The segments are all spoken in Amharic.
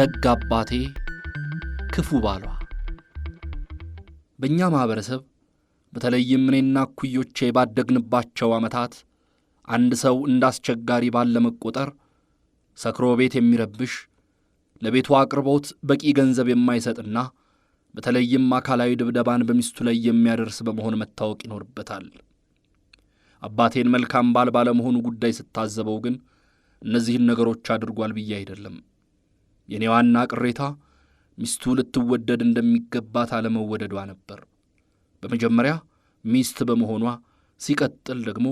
ደግ አባቴ ክፉ ባሏ። በእኛ ማኅበረሰብ በተለይም እኔና እኩዮቼ ባደግንባቸው ዓመታት አንድ ሰው እንደ አስቸጋሪ ባል ለመቆጠር ሰክሮ ቤት የሚረብሽ ለቤቱ አቅርቦት በቂ ገንዘብ የማይሰጥና በተለይም አካላዊ ድብደባን በሚስቱ ላይ የሚያደርስ በመሆን መታወቅ ይኖርበታል። አባቴን መልካም ባል ባለመሆኑ ጉዳይ ስታዘበው ግን እነዚህን ነገሮች አድርጓል ብዬ አይደለም የእኔ ዋና ቅሬታ ሚስቱ ልትወደድ እንደሚገባት አለመወደዷ ነበር። በመጀመሪያ ሚስት በመሆኗ ሲቀጥል ደግሞ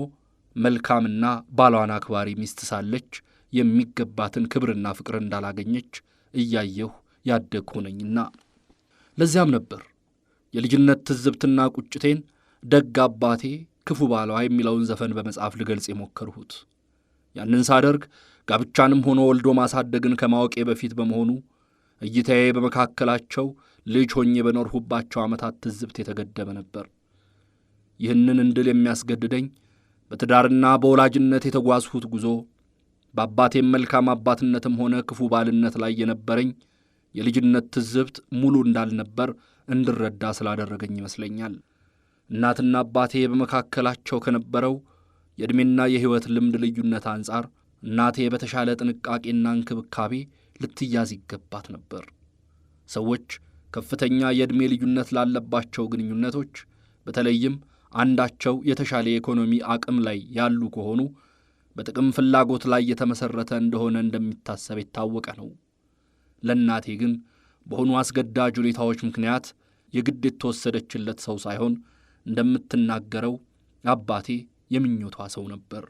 መልካምና ባሏን አክባሪ ሚስት ሳለች የሚገባትን ክብርና ፍቅር እንዳላገኘች እያየሁ ያደግሁ ነኝና ለዚያም ነበር የልጅነት ትዝብትና ቁጭቴን ደግ አባቴ ክፉ ባሏ የሚለውን ዘፈን በመጻፍ ልገልጽ የሞከርሁት። ያንን ሳደርግ ጋብቻንም ሆኖ ወልዶ ማሳደግን ከማወቄ በፊት በመሆኑ እይታዬ በመካከላቸው ልጅ ሆኜ በኖርሁባቸው ዓመታት ትዝብት የተገደበ ነበር። ይህንን እንድል የሚያስገድደኝ በትዳርና በወላጅነት የተጓዝሁት ጉዞ በአባቴም መልካም አባትነትም ሆነ ክፉ ባልነት ላይ የነበረኝ የልጅነት ትዝብት ሙሉ እንዳልነበር እንድረዳ ስላደረገኝ ይመስለኛል። እናትና አባቴ በመካከላቸው ከነበረው የዕድሜና የሕይወት ልምድ ልዩነት አንጻር እናቴ በተሻለ ጥንቃቄና እንክብካቤ ልትያዝ ይገባት ነበር። ሰዎች ከፍተኛ የዕድሜ ልዩነት ላለባቸው ግንኙነቶች በተለይም አንዳቸው የተሻለ የኢኮኖሚ አቅም ላይ ያሉ ከሆኑ በጥቅም ፍላጎት ላይ የተመሠረተ እንደሆነ እንደሚታሰብ የታወቀ ነው። ለእናቴ ግን በሆኑ አስገዳጅ ሁኔታዎች ምክንያት የግድ የተወሰደችለት ሰው ሳይሆን እንደምትናገረው አባቴ የምኞቷ ሰው ነበር።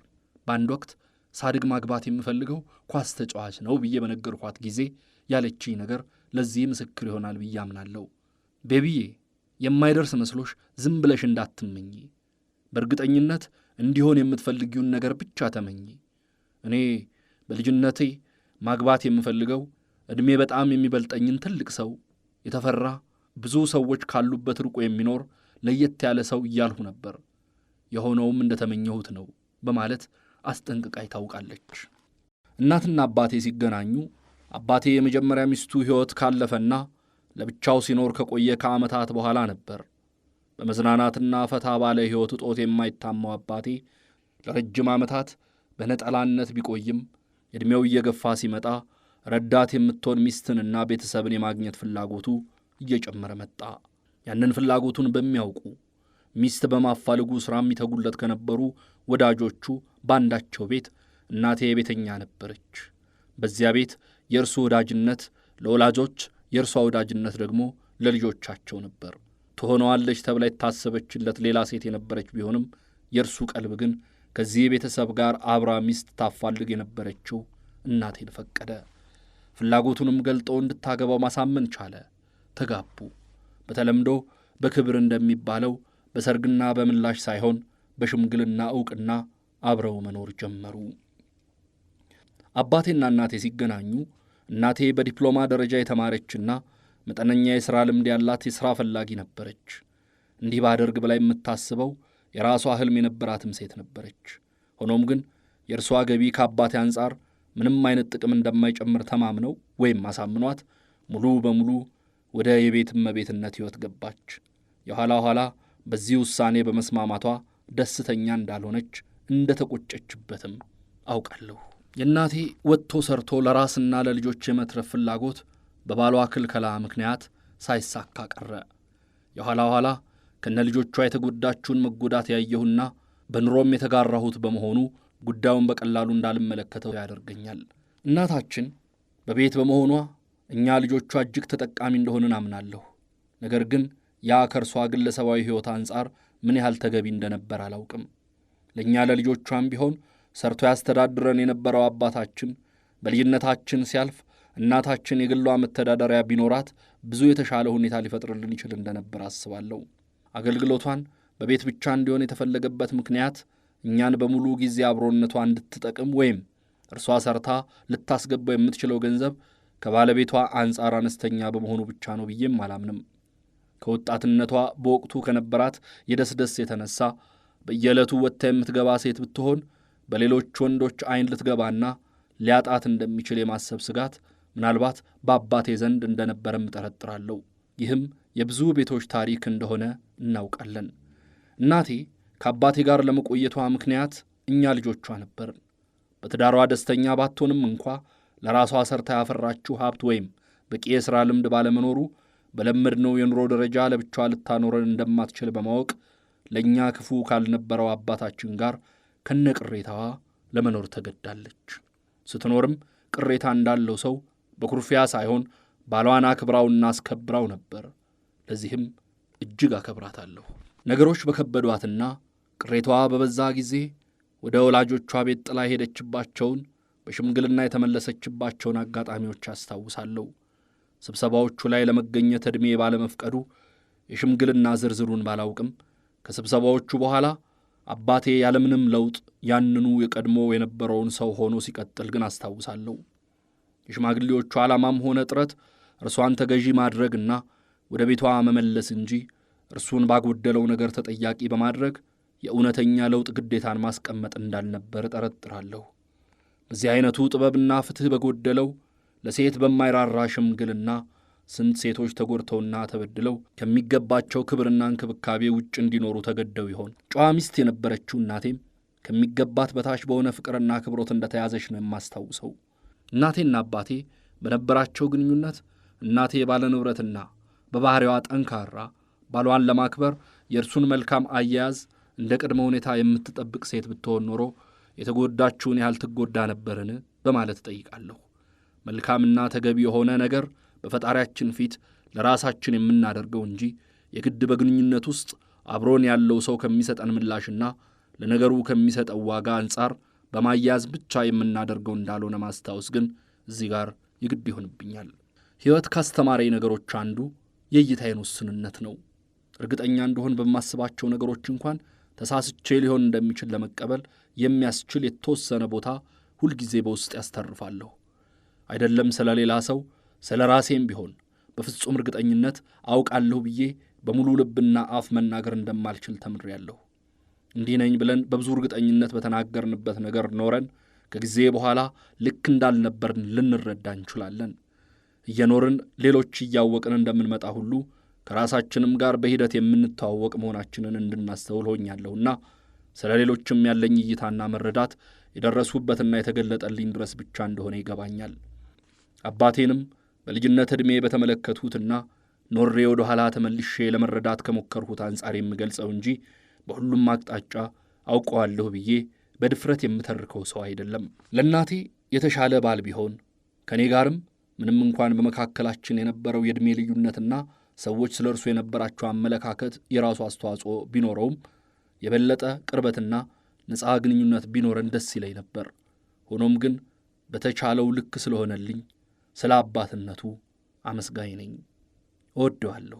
በአንድ ወቅት ሳድግ ማግባት የምፈልገው ኳስ ተጫዋች ነው ብዬ በነገርኳት ጊዜ ያለችኝ ነገር ለዚህ ምስክር ይሆናል ብዬ አምናለሁ። ቤቢዬ የማይደርስ መስሎሽ ዝም ብለሽ እንዳትመኝ። በእርግጠኝነት እንዲሆን የምትፈልጊውን ነገር ብቻ ተመኝ። እኔ በልጅነቴ ማግባት የምፈልገው ዕድሜ በጣም የሚበልጠኝን ትልቅ ሰው፣ የተፈራ ብዙ ሰዎች ካሉበት ርቆ የሚኖር ለየት ያለ ሰው እያልሁ ነበር። የሆነውም እንደተመኘሁት ነው በማለት አስጠንቅቃይ ታውቃለች። እናትና አባቴ ሲገናኙ አባቴ የመጀመሪያ ሚስቱ ሕይወት ካለፈና ለብቻው ሲኖር ከቆየ ከዓመታት በኋላ ነበር። በመዝናናትና ፈታ ባለ ሕይወት እጦት የማይታማው አባቴ ለረጅም ዓመታት በነጠላነት ቢቆይም ዕድሜው እየገፋ ሲመጣ ረዳት የምትሆን ሚስትንና ቤተሰብን የማግኘት ፍላጎቱ እየጨመረ መጣ። ያንን ፍላጎቱን በሚያውቁ ሚስት በማፋልጉ ሥራ የሚተጉለት ከነበሩ ወዳጆቹ ባንዳቸው ቤት እናቴ ቤተኛ ነበረች። በዚያ ቤት የእርሱ ወዳጅነት ለወላጆች የእርሷ ወዳጅነት ደግሞ ለልጆቻቸው ነበር። ትሆነዋለች ተብላ የታሰበችለት ሌላ ሴት የነበረች ቢሆንም የእርሱ ቀልብ ግን ከዚህ ቤተሰብ ጋር አብራ ሚስት ታፋልግ የነበረችው እናቴን ፈቀደ። ፍላጎቱንም ገልጦ እንድታገባው ማሳመን ቻለ። ተጋቡ። በተለምዶ በክብር እንደሚባለው በሰርግና በምላሽ ሳይሆን በሽምግልና ዕውቅና አብረው መኖር ጀመሩ። አባቴና እናቴ ሲገናኙ እናቴ በዲፕሎማ ደረጃ የተማረችና መጠነኛ የሥራ ልምድ ያላት የሥራ ፈላጊ ነበረች። እንዲህ ባደርግ ብላ የምታስበው የራሷ ሕልም የነበራትም ሴት ነበረች። ሆኖም ግን የእርሷ ገቢ ከአባቴ አንጻር ምንም አይነት ጥቅም እንደማይጨምር ተማምነው ወይም አሳምኗት ሙሉ በሙሉ ወደ የቤት እመቤትነት ሕይወት ገባች። የኋላ ኋላ በዚህ ውሳኔ በመስማማቷ ደስተኛ እንዳልሆነች እንደተቆጨችበትም አውቃለሁ። የእናቴ ወጥቶ ሰርቶ ለራስና ለልጆች የመትረፍ ፍላጎት በባሏ ክልከላ ምክንያት ሳይሳካ ቀረ። የኋላ ኋላ ከነ ልጆቿ የተጎዳችውን መጎዳት ያየሁና በኑሮም የተጋራሁት በመሆኑ ጉዳዩን በቀላሉ እንዳልመለከተው ያደርገኛል። እናታችን በቤት በመሆኗ እኛ ልጆቿ እጅግ ተጠቃሚ እንደሆንን አምናለሁ። ነገር ግን ያ ከእርሷ ግለሰባዊ ሕይወት አንጻር ምን ያህል ተገቢ እንደነበር አላውቅም። ለእኛ ለልጆቿም ቢሆን ሰርቶ ያስተዳድረን የነበረው አባታችን በልጅነታችን ሲያልፍ እናታችን የግሏ መተዳደሪያ ቢኖራት ብዙ የተሻለ ሁኔታ ሊፈጥርልን ይችል እንደነበር አስባለሁ። አገልግሎቷን በቤት ብቻ እንዲሆን የተፈለገበት ምክንያት እኛን በሙሉ ጊዜ አብሮነቷ እንድትጠቅም ወይም እርሷ ሰርታ ልታስገባው የምትችለው ገንዘብ ከባለቤቷ አንጻር አነስተኛ በመሆኑ ብቻ ነው ብዬም አላምንም። ከወጣትነቷ በወቅቱ ከነበራት የደስደስ የተነሳ በየዕለቱ ወጥታ የምትገባ ሴት ብትሆን በሌሎች ወንዶች አይን ልትገባና ሊያጣት እንደሚችል የማሰብ ስጋት ምናልባት በአባቴ ዘንድ እንደነበረም እጠረጥራለሁ። ይህም የብዙ ቤቶች ታሪክ እንደሆነ እናውቃለን። እናቴ ከአባቴ ጋር ለመቆየቷ ምክንያት እኛ ልጆቿ ነበርን። በትዳሯ ደስተኛ ባትሆንም እንኳ ለራሷ ሰርታ ያፈራችው ሀብት ወይም በቂ የሥራ ልምድ ባለመኖሩ በለመድነው የኑሮ ደረጃ ለብቻዋ ልታኖረን እንደማትችል በማወቅ ለእኛ ክፉ ካልነበረው አባታችን ጋር ከነ ቅሬታዋ ለመኖር ተገዳለች። ስትኖርም ቅሬታ እንዳለው ሰው በኩርፊያ ሳይሆን ባሏን አክብራውና አስከብራው ነበር። ለዚህም እጅግ አከብራታለሁ። ነገሮች በከበዷትና ቅሬታዋ በበዛ ጊዜ ወደ ወላጆቿ ቤት ጥላ ሄደችባቸውን በሽምግልና የተመለሰችባቸውን አጋጣሚዎች አስታውሳለሁ። ስብሰባዎቹ ላይ ለመገኘት ዕድሜ ባለመፍቀዱ የሽምግልና ዝርዝሩን ባላውቅም ከስብሰባዎቹ በኋላ አባቴ ያለምንም ለውጥ ያንኑ የቀድሞ የነበረውን ሰው ሆኖ ሲቀጥል ግን አስታውሳለሁ። የሽማግሌዎቹ ዓላማም ሆነ ጥረት እርሷን ተገዢ ማድረግና ወደ ቤቷ መመለስ እንጂ እርሱን ባጎደለው ነገር ተጠያቂ በማድረግ የእውነተኛ ለውጥ ግዴታን ማስቀመጥ እንዳልነበር ጠረጥራለሁ። በዚህ ዐይነቱ ጥበብና ፍትሕ በጎደለው ለሴት በማይራራ ሽምግልና ስንት ሴቶች ተጎድተውና ተበድለው ከሚገባቸው ክብርና እንክብካቤ ውጭ እንዲኖሩ ተገደው ይሆን? ጨዋ ሚስት የነበረችው እናቴም ከሚገባት በታች በሆነ ፍቅርና አክብሮት እንደተያዘች ነው የማስታውሰው። እናቴና አባቴ በነበራቸው ግንኙነት እናቴ ባለ ንብረትና በባህሪዋ ጠንካራ፣ ባሏን ለማክበር የእርሱን መልካም አያያዝ እንደ ቅድመ ሁኔታ የምትጠብቅ ሴት ብትሆን ኖሮ የተጎዳችውን ያህል ትጎዳ ነበርን? በማለት እጠይቃለሁ። መልካምና ተገቢ የሆነ ነገር በፈጣሪያችን ፊት ለራሳችን የምናደርገው እንጂ የግድ በግንኙነት ውስጥ አብሮን ያለው ሰው ከሚሰጠን ምላሽና ለነገሩ ከሚሰጠው ዋጋ አንጻር በማያያዝ ብቻ የምናደርገው እንዳልሆነ ማስታወስ ግን እዚህ ጋር የግድ ይሆንብኛል። ሕይወት ካስተማረኝ ነገሮች አንዱ የእይታዬን ውስንነት ነው። እርግጠኛ እንደሆን በማስባቸው ነገሮች እንኳን ተሳስቼ ሊሆን እንደሚችል ለመቀበል የሚያስችል የተወሰነ ቦታ ሁልጊዜ በውስጥ ያስተርፋለሁ። አይደለም ስለ ሌላ ሰው ስለ ራሴም ቢሆን በፍጹም እርግጠኝነት አውቃለሁ ብዬ በሙሉ ልብና አፍ መናገር እንደማልችል ተምሬያለሁ። እንዲህ ነኝ ብለን በብዙ እርግጠኝነት በተናገርንበት ነገር ኖረን ከጊዜ በኋላ ልክ እንዳልነበርን ልንረዳ እንችላለን። እየኖርን ሌሎች እያወቅን እንደምንመጣ ሁሉ ከራሳችንም ጋር በሂደት የምንተዋወቅ መሆናችንን እንድናስተውል ሆኛለሁና ስለ ሌሎችም ያለኝ እይታና መረዳት የደረሱበትና የተገለጠልኝ ድረስ ብቻ እንደሆነ ይገባኛል። አባቴንም በልጅነት ዕድሜ በተመለከትሁትና ኖሬ ወደ ኋላ ተመልሼ ለመረዳት ከሞከርሁት አንጻር የምገልጸው እንጂ በሁሉም አቅጣጫ አውቀዋለሁ ብዬ በድፍረት የምተርከው ሰው አይደለም። ለእናቴ የተሻለ ባል ቢሆን ከእኔ ጋርም ምንም እንኳን በመካከላችን የነበረው የዕድሜ ልዩነትና ሰዎች ስለ እርሱ የነበራቸው አመለካከት የራሱ አስተዋጽኦ ቢኖረውም የበለጠ ቅርበትና ነፃ ግንኙነት ቢኖረን ደስ ይለኝ ነበር። ሆኖም ግን በተቻለው ልክ ስለሆነልኝ ስለ አባትነቱ አመስጋኝ ነኝ፣ እወደዋለሁ።